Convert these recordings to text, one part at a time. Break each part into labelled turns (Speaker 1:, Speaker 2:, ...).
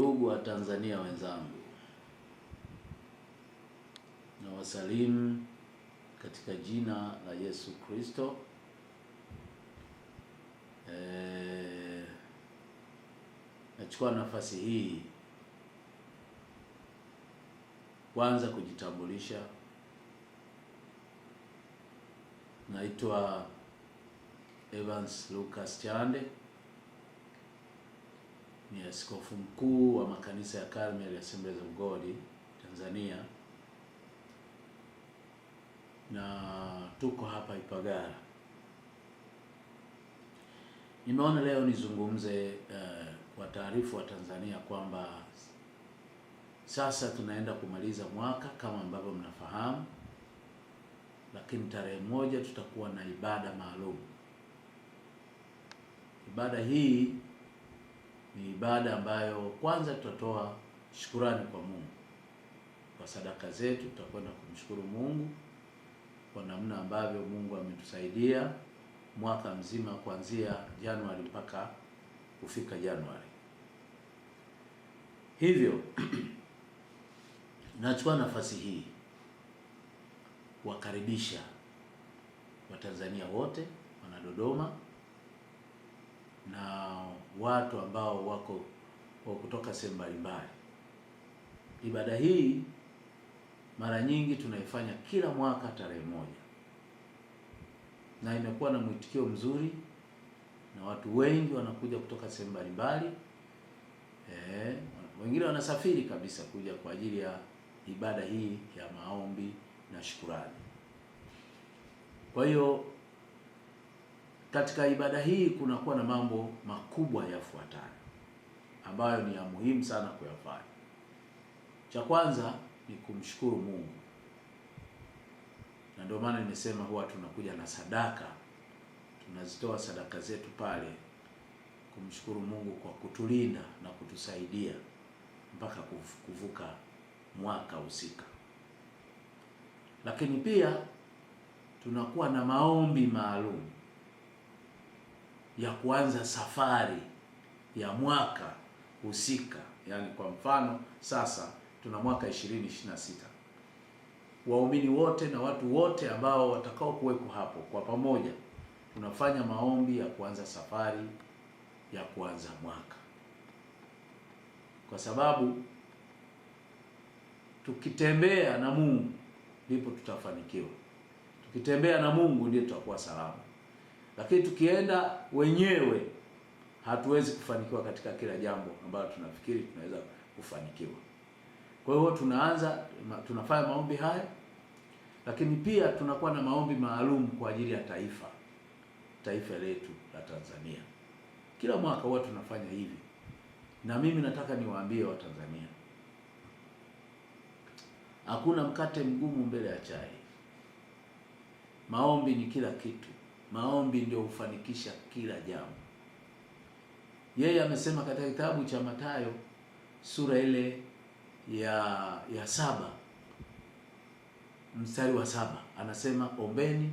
Speaker 1: Ndugu wa Tanzania wenzangu, nawasalimu katika jina la Yesu Kristo. E, nachukua nafasi hii kwanza kujitambulisha. Naitwa Evans Lucas Chande ni askofu mkuu wa makanisa ya Carmel Assemblies of God Tanzania, na tuko hapa Ipagala. Nimeona leo nizungumze uh, kwa taarifa wa Tanzania kwamba sasa tunaenda kumaliza mwaka kama ambavyo mnafahamu, lakini tarehe moja tutakuwa na ibada maalum. Ibada hii ni ibada ambayo kwanza tutatoa shukurani kwa Mungu kwa sadaka zetu. Tutakwenda kumshukuru Mungu kwa namna ambavyo Mungu ametusaidia mwaka mzima kuanzia Januari mpaka kufika Januari. Hivyo nachukua nafasi hii kuwakaribisha Watanzania wote wana Dodoma na watu ambao wako wa kutoka sehemu mbalimbali. Ibada hii mara nyingi tunaifanya kila mwaka tarehe moja, na imekuwa na mwitikio mzuri na watu wengi wanakuja kutoka sehemu mbalimbali. E, wengine wanasafiri kabisa kuja kwa ajili ya ibada hii ya maombi na shukurani. Kwa hiyo katika ibada hii kunakuwa na mambo makubwa yafuatayo ambayo ni ya muhimu sana kuyafanya. Cha kwanza ni kumshukuru Mungu, na ndio maana nimesema huwa tunakuja na sadaka, tunazitoa sadaka zetu pale kumshukuru Mungu kwa kutulinda na kutusaidia mpaka kuvuka mwaka husika. Lakini pia tunakuwa na maombi maalum ya kuanza safari ya mwaka husika. Yaani kwa mfano sasa tuna mwaka 2026 waumini wote na watu wote ambao watakao kuweko hapo kwa pamoja tunafanya maombi ya kuanza safari ya kuanza mwaka, kwa sababu tukitembea na Mungu ndipo tutafanikiwa. Tukitembea na Mungu ndio tutakuwa salama lakini tukienda wenyewe hatuwezi kufanikiwa katika kila jambo ambalo tunafikiri tunaweza kufanikiwa. Kwa hiyo tunaanza tunafanya maombi haya, lakini pia tunakuwa na maombi maalum kwa ajili ya taifa taifa letu la Tanzania. Kila mwaka huwa tunafanya hivi, na mimi nataka niwaambie Watanzania, hakuna mkate mgumu mbele ya chai. Maombi ni kila kitu. Maombi ndio hufanikisha kila jambo. Yeye amesema katika kitabu cha Mathayo sura ile ya ya saba mstari wa saba anasema, ombeni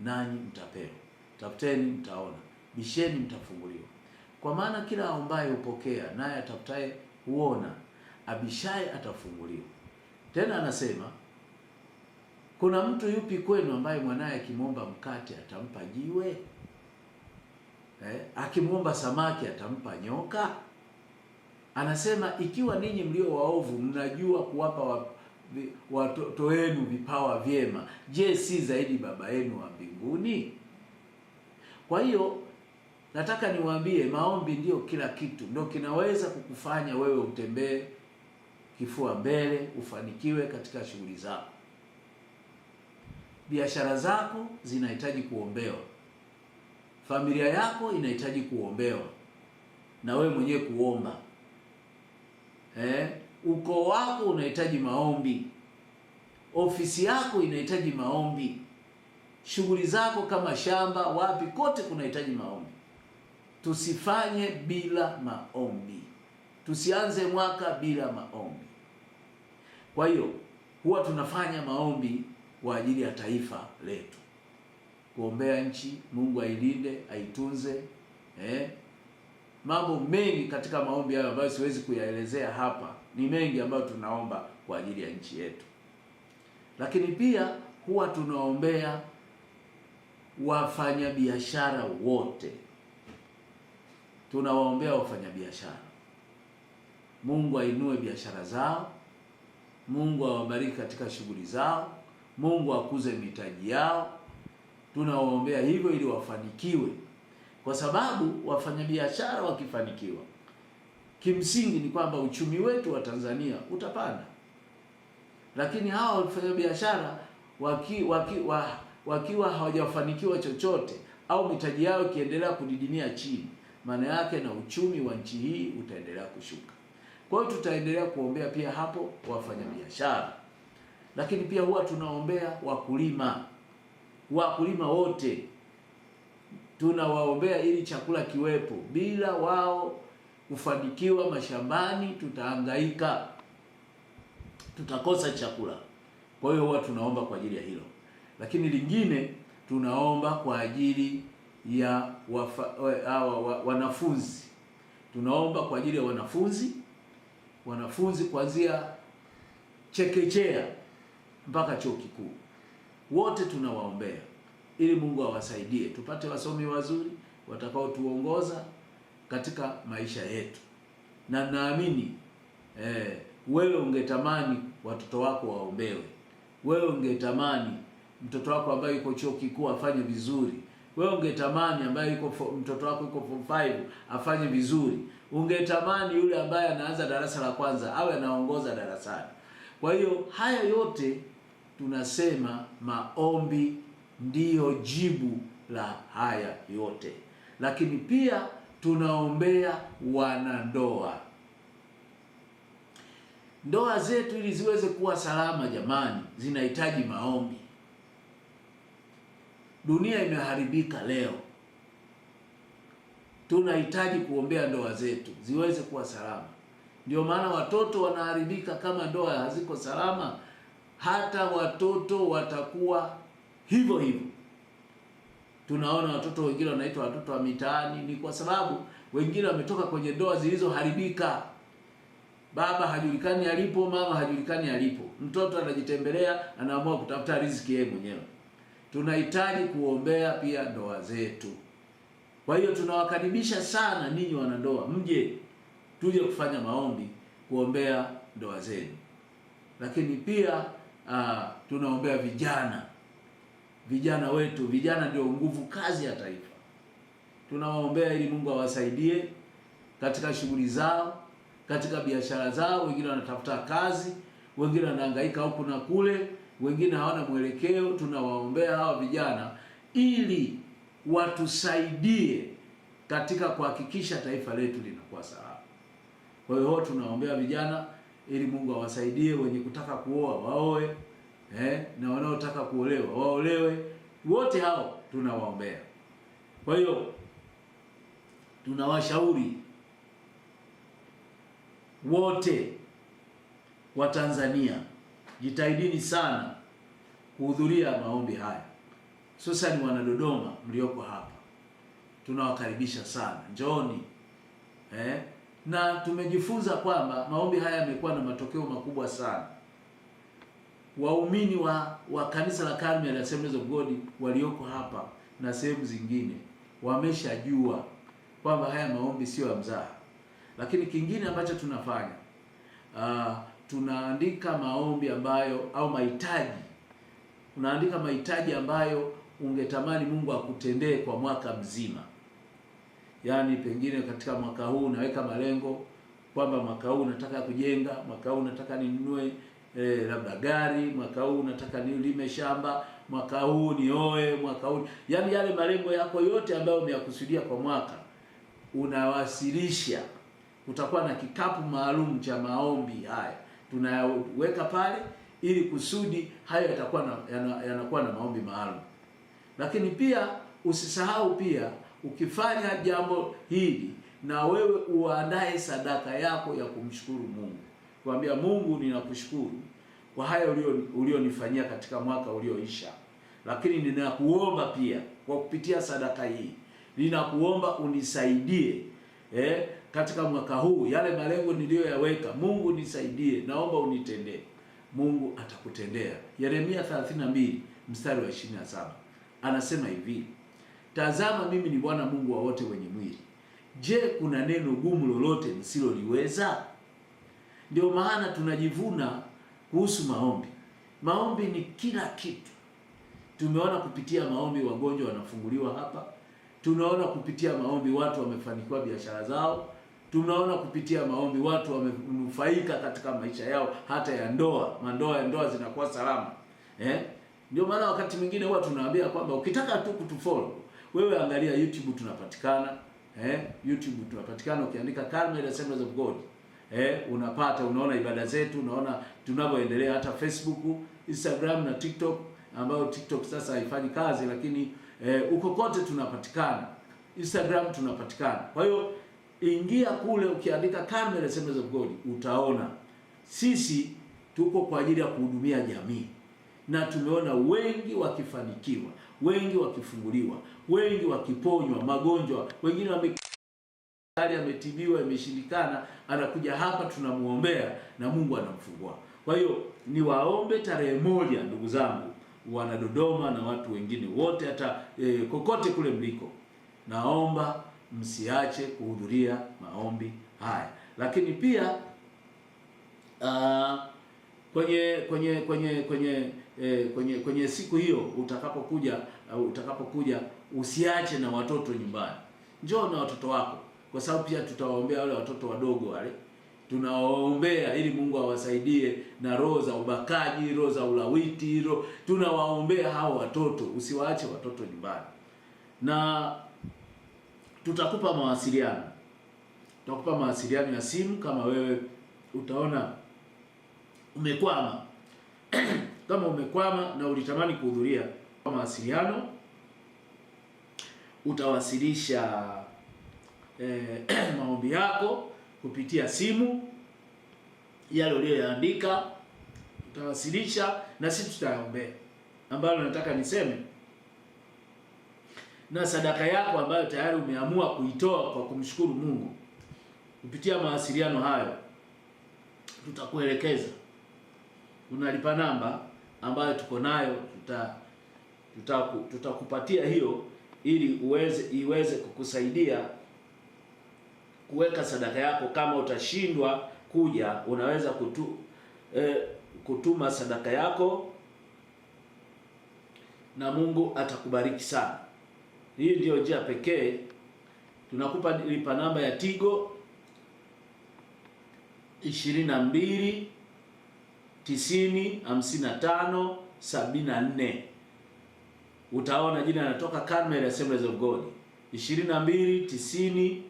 Speaker 1: nanyi mtapewa, tafuteni mtaona, bisheni mtafunguliwa. Kwa maana kila aombaye hupokea, naye atafutaye huona, abishaye atafunguliwa. Tena anasema kuna mtu yupi kwenu ambaye mwanaye akimwomba mkate atampa jiwe? Eh, akimwomba samaki atampa nyoka? Anasema ikiwa ninyi mlio waovu mnajua kuwapa watoto wenu vipawa vyema, je, si zaidi Baba yenu wa mbinguni? Kwa hiyo nataka niwaambie, maombi ndiyo kila kitu, ndio kinaweza kukufanya wewe utembee kifua mbele, ufanikiwe katika shughuli zako biashara zako zinahitaji kuombewa, familia yako inahitaji kuombewa, na wewe mwenyewe kuomba eh, ukoo wako unahitaji maombi, ofisi yako inahitaji maombi, shughuli zako kama shamba, wapi, kote kunahitaji maombi. Tusifanye bila maombi, tusianze mwaka bila maombi. Kwa hiyo huwa tunafanya maombi kwa ajili ya taifa letu, kuombea nchi, Mungu ailinde, aitunze eh. Mambo mengi katika maombi hayo ambayo siwezi kuyaelezea hapa, ni mengi ambayo tunaomba kwa ajili ya nchi yetu, lakini pia huwa tunaombea wafanyabiashara wote, tunawaombea wafanyabiashara, Mungu ainue biashara zao, Mungu awabariki katika shughuli zao Mungu akuze mitaji yao. Tunawaombea hivyo ili wafanikiwe, kwa sababu wafanyabiashara wakifanikiwa, kimsingi ni kwamba uchumi wetu wa Tanzania utapanda. Lakini hawa wafanyabiashara waki, waki, wa, wakiwa hawajafanikiwa chochote au mitaji yao ikiendelea kudidimia chini, maana yake na uchumi wa nchi hii utaendelea kushuka. Kwa hiyo tutaendelea kuombea pia hapo wafanyabiashara lakini pia huwa tunaombea wakulima, wakulima wote tunawaombea ili chakula kiwepo. Bila wao kufanikiwa mashambani, tutahangaika, tutakosa chakula. Kwa hiyo huwa tunaomba kwa ajili ya hilo, lakini lingine tunaomba kwa ajili ya wafa, wa, wa, wanafunzi. Tunaomba kwa ajili ya wanafunzi, wanafunzi kuanzia chekechea mpaka chuo kikuu, wote tunawaombea ili Mungu awasaidie tupate wasomi wazuri watakaotuongoza katika maisha yetu, na naamini eh, wewe ungetamani watoto wako waombewe, wewe ungetamani mtoto wako ambaye yuko chuo kikuu afanye vizuri wewe ungetamani ambaye yuko mtoto wako yuko form 5 afanye vizuri. Ungetamani yule ambaye anaanza darasa la kwanza awe anaongoza darasani. Kwa hiyo haya yote tunasema maombi ndiyo jibu la haya yote, lakini pia tunaombea wanandoa. Ndoa zetu ili ziweze kuwa salama, jamani, zinahitaji maombi. Dunia imeharibika leo, tunahitaji kuombea ndoa zetu ziweze kuwa salama. Ndio maana watoto wanaharibika kama ndoa haziko salama, hata watoto watakuwa hivyo hivyo. Tunaona watoto wengine wanaitwa watoto wa mitaani, ni kwa sababu wengine wametoka kwenye ndoa zilizoharibika. Baba hajulikani alipo, mama hajulikani alipo, mtoto anajitembelea, anaamua kutafuta riziki yeye mwenyewe. Tunahitaji kuombea pia ndoa zetu. Kwa hiyo tunawakaribisha sana ninyi wanandoa, mje tuje kufanya maombi kuombea ndoa zenu, lakini pia uh, tunaombea vijana, vijana wetu. Vijana ndio nguvu kazi ya taifa. Tunawaombea ili Mungu awasaidie katika shughuli zao, katika biashara zao. Wengine wanatafuta kazi, wengine wanahangaika huku na kule, wengine hawana mwelekeo. Tunawaombea hawa vijana ili watusaidie katika kuhakikisha taifa letu linakuwa salama. Kwa hiyo tunaombea vijana ili Mungu awasaidie wenye kutaka kuoa waoe, eh, na wanaotaka kuolewa waolewe. Wote hao tunawaombea. Kwa hiyo tunawashauri wote wa Tanzania, jitahidini sana kuhudhuria maombi haya, hususani wanadodoma mlioko hapa, tunawakaribisha sana, njooni eh na tumejifunza kwamba maombi haya yamekuwa na matokeo makubwa sana. Waumini wa, wa kanisa la Karmel Assemblies of God walioko hapa na sehemu zingine wameshajua kwamba haya maombi sio ya mzaha. Lakini kingine ambacho tunafanya uh, tunaandika maombi ambayo au mahitaji, unaandika mahitaji ambayo ungetamani Mungu akutendee kwa mwaka mzima. Yaani pengine katika mwaka huu naweka malengo kwamba mwaka huu nataka kujenga, mwaka huu nataka ninunue e, labda gari, mwaka huu nataka nilime shamba, mwaka huu nioe, mwaka huu yaani yale malengo yako yote ambayo umeyakusudia kwa mwaka unawasilisha. Utakuwa na kikapu maalum cha maombi haya tunayaweka pale, ili kusudi hayo yatakuwa yanakuwa na maombi maalum, lakini pia usisahau pia ukifanya jambo hili na wewe uandae sadaka yako ya kumshukuru Mungu, kwambia Mungu, ninakushukuru kwa haya ulionifanyia ulio katika mwaka ulioisha, lakini ninakuomba pia kwa kupitia sadaka hii ninakuomba unisaidie eh, katika mwaka huu yale malengo niliyoyaweka, Mungu nisaidie, naomba unitendee. Mungu atakutendea. Yeremia 32 mstari wa 27 anasema hivi Tazama, mimi ni Bwana Mungu wa wote wenye mwili. Je, kuna neno gumu lolote nisiloliweza? Ndio maana tunajivuna kuhusu maombi. Maombi ni kila kitu. Tumeona kupitia maombi wagonjwa wanafunguliwa hapa, tunaona kupitia maombi watu wamefanikiwa biashara zao, tunaona kupitia maombi watu wamenufaika katika maisha yao, hata ya ndoa, mandoa ya ndoa zinakuwa salama eh? Ndio maana wakati mwingine huwa tunaambia kwamba ukitaka tu kutufollow wewe angalia YouTube tunapatikana eh, YouTube tunapatikana, ukiandika Carmel Assemblies of God eh, unapata unaona ibada zetu, unaona tunavyoendelea, hata Facebook, Instagram na TikTok, ambayo TikTok sasa haifanyi kazi, lakini huko eh, uko kote tunapatikana. Instagram tunapatikana. Kwa hiyo ingia kule, ukiandika Carmel Assemblies of God utaona sisi tuko kwa ajili ya kuhudumia jamii na tumeona wengi wakifanikiwa, wengi wakifunguliwa, wengi wakiponywa magonjwa, wengine wame ametibiwa imeshindikana, anakuja hapa tunamwombea na Mungu anamfungua. Kwa hiyo niwaombe tarehe moja, ndugu zangu wana Dodoma na watu wengine wote, hata e, kokote kule mliko, naomba msiache kuhudhuria maombi haya. Lakini pia uh, kwenye kwenye kwenye kwenye e, kwenye kwenye siku hiyo utakapokuja uh, utakapokuja usiache na watoto nyumbani. Njoo na watoto wako, kwa sababu pia tutawaombea wale watoto wadogo wale, tunawaombea ili Mungu awasaidie na roho za ubakaji, roho za ulawiti, roho tunawaombea hao watoto, usiwaache watoto nyumbani, na tutakupa mawasiliano, tutakupa mawasiliano ya simu kama wewe utaona umekwama kama umekwama na ulitamani kuhudhuria mawasiliano, utawasilisha eh, maombi yako kupitia simu, yale uliyoyaandika utawasilisha na sisi tutayaombea. Ambalo nataka niseme na sadaka yako ambayo tayari umeamua kuitoa kwa kumshukuru Mungu, kupitia mawasiliano hayo tutakuelekeza unalipa namba ambayo tuko nayo tuta tutakupatia tuta hiyo ili uweze iweze kukusaidia kuweka sadaka yako. Kama utashindwa kuja, unaweza kutu, eh, kutuma sadaka yako na Mungu atakubariki sana. Hii ndiyo njia pekee. Tunakupa lipa namba ya Tigo 22 tisini, Utaona jina linatoka Carmel Assemblies of God 2295574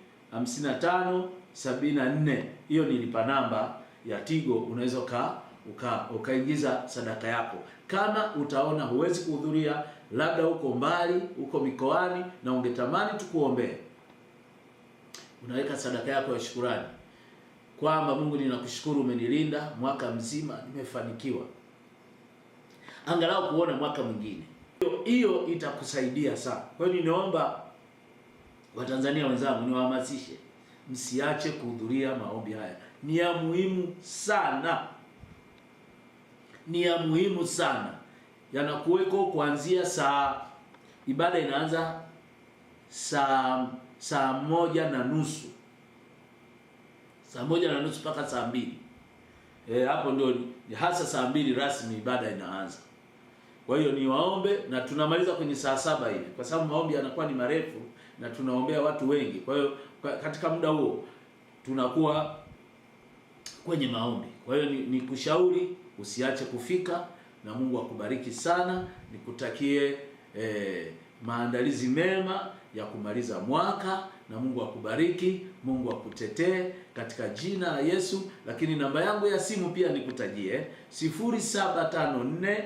Speaker 1: Hiyo ni lipa namba ya Tigo, unaweza uka ukaingiza sadaka yako. Kama utaona huwezi kuhudhuria, labda uko mbali, uko mikoani na ungetamani tukuombee, unaweka sadaka yako ya shukurani kwamba Mungu, ninakushukuru umenilinda mwaka mzima, nimefanikiwa angalau kuona mwaka mwingine. Hiyo itakusaidia sana. Kwa hiyo ninaomba Watanzania wenzangu, niwahamasishe msiache kuhudhuria maombi haya, ni ya muhimu sana, ni ya muhimu sana. Yanakuweko kuanzia saa ibada inaanza saa saa moja na nusu saa moja na nusu mpaka saa mbili e, hapo ndio hasa saa mbili rasmi ibada inaanza. Kwa hiyo ni waombe na tunamaliza kwenye saa saba ile, kwa sababu maombi yanakuwa ni marefu na tunaombea watu wengi. Kwa hiyo katika muda huo tunakuwa kwenye maombi. Kwa hiyo ni, ni kushauri usiache kufika, na Mungu akubariki sana, nikutakie eh, maandalizi mema ya kumaliza mwaka, na Mungu akubariki, Mungu akutetee katika jina la Yesu. Lakini namba yangu ya simu pia nikutajie 0754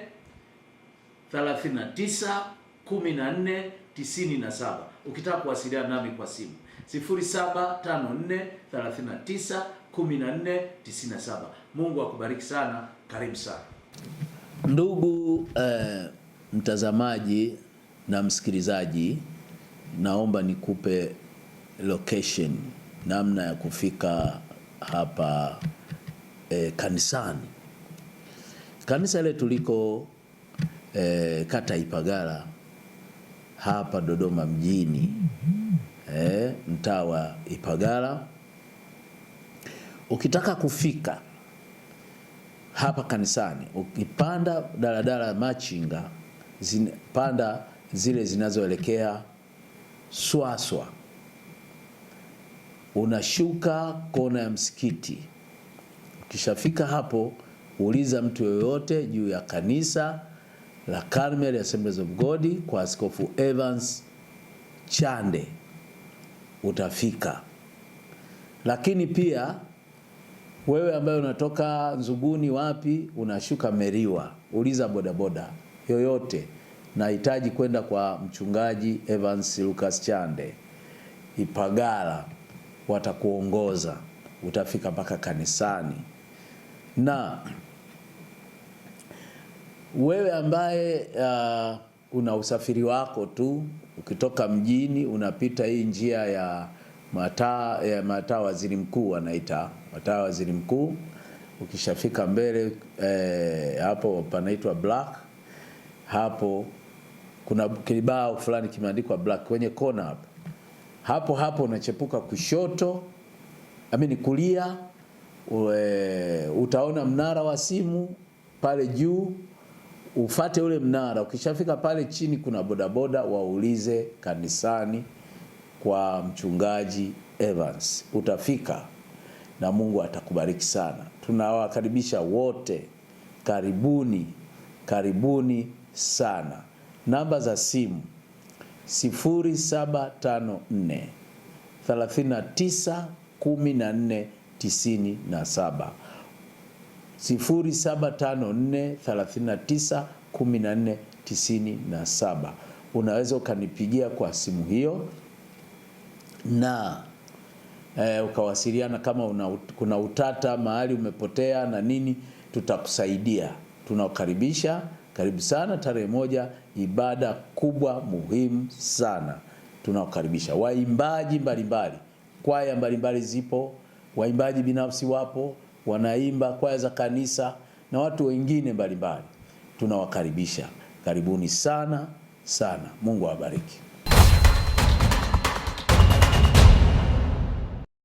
Speaker 1: 39 14 97 ukitaka kuwasiliana nami kwa simu 0754 39 Mungu akubariki sana, karibu sana ndugu eh, mtazamaji na msikilizaji, naomba nikupe location namna ya kufika hapa e, kanisani. Kanisa letu liko e, kata Ipagala hapa Dodoma mjini eh, mtaa wa Ipagala. Ukitaka kufika hapa kanisani, ukipanda daladala machinga zinapanda zile zinazoelekea Swaswa, unashuka kona ya msikiti. Ukishafika hapo, uliza mtu yoyote juu ya kanisa la Carmel Assemblies of God kwa Askofu Evans Chande, utafika. Lakini pia wewe ambaye unatoka Nzuguni wapi, unashuka Meriwa, uliza bodaboda yoyote nahitaji kwenda kwa mchungaji Evans Lucas Chande Ipagala, watakuongoza utafika mpaka kanisani. Na wewe ambaye uh, una usafiri wako tu, ukitoka mjini unapita hii njia ya mataa ya mataa Waziri Mkuu, wanaita mataa Waziri Mkuu. Ukishafika mbele eh, hapo panaitwa Black hapo kuna kibao fulani kimeandikwa black kwenye kona hapo hapo hapo, unachepuka kushoto, amini kulia, ue, utaona mnara wa simu pale juu, ufate ule mnara. Ukishafika pale chini, kuna bodaboda, waulize kanisani kwa mchungaji Evans, utafika na Mungu atakubariki sana. Tunawakaribisha wote, karibuni, karibuni sana. Namba za simu 0754 39 0754 39 97. Unaweza ukanipigia kwa simu hiyo na e, ukawasiliana kama una, kuna utata mahali umepotea na nini, tutakusaidia. Tunakukaribisha. Karibu sana tarehe moja, ibada kubwa muhimu sana. Tunawakaribisha waimbaji mbalimbali, kwaya mbalimbali zipo, waimbaji binafsi wapo, wanaimba kwaya za kanisa na watu wengine mbalimbali. Tunawakaribisha, karibuni sana sana. Mungu awabariki.